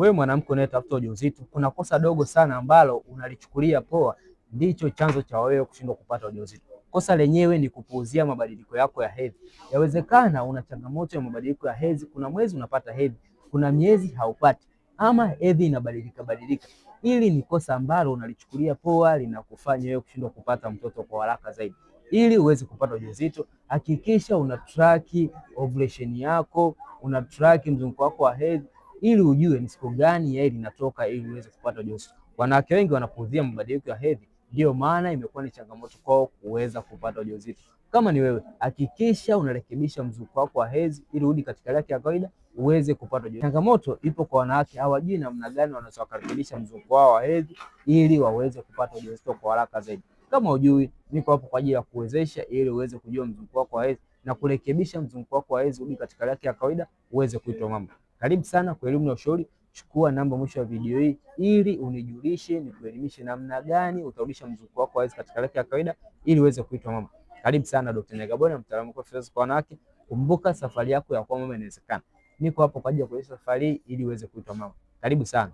Wewe mwanamke unayetafuta ujauzito, kuna kosa dogo sana ambalo unalichukulia poa, ndicho chanzo cha wewe kushindwa kupata ujauzito. Kosa lenyewe ni kupuuzia mabadiliko yako ya hedhi. Yawezekana una changamoto ya mabadiliko ya hedhi, kuna mwezi unapata hedhi, kuna miezi haupati, ama hedhi inabadilika badilika. Hili ni kosa ambalo unalichukulia poa, linakufanya wewe kushindwa kupata mtoto kwa haraka zaidi. Ili uweze kupata ujauzito, hakikisha una track ovulation yako, una track mzunguko wako wa hedhi ili ujue ni siku gani ya hedhi inatoka ili uweze kupata ujauzito. Wanawake wengi wanapuuzia mabadiliko ya hedhi, ndio maana imekuwa ni changamoto kwao kuweza kupata ujauzito. Kama ni wewe, hakikisha unarekebisha mzunguko wako wa hedhi ili urudi katika yake ya kawaida uweze kupata ujauzito. Changamoto ipo kwa wanawake, hawajui namna gani wanaweza kurekebisha mzunguko wao wa hedhi ili waweze kupata ujauzito kwa haraka zaidi. Kama ujui, niko hapo kwa ajili ya kuwezesha ili uweze kujua mzunguko wako wa hedhi na kurekebisha mzunguko wako wa hedhi urudi katika yake ya kawaida uweze kuitwa mama. Karibu sana kwa elimu na ushauri. Chukua namba mwisho ya video hii ili unijulishe, nikuelimishe namna gani utarudisha mzunguko wako wazi katika laki ya kawaida ili uweze kuitwa mama. Karibu sana Dr. Nyagabona, mtaalamu kwa fedha kwa wanawake. Kumbuka safari yako ya kuwa mama inawezekana. Niko hapo kwa ajili ya kuonyesha safari ili uweze kuitwa mama. Karibu sana.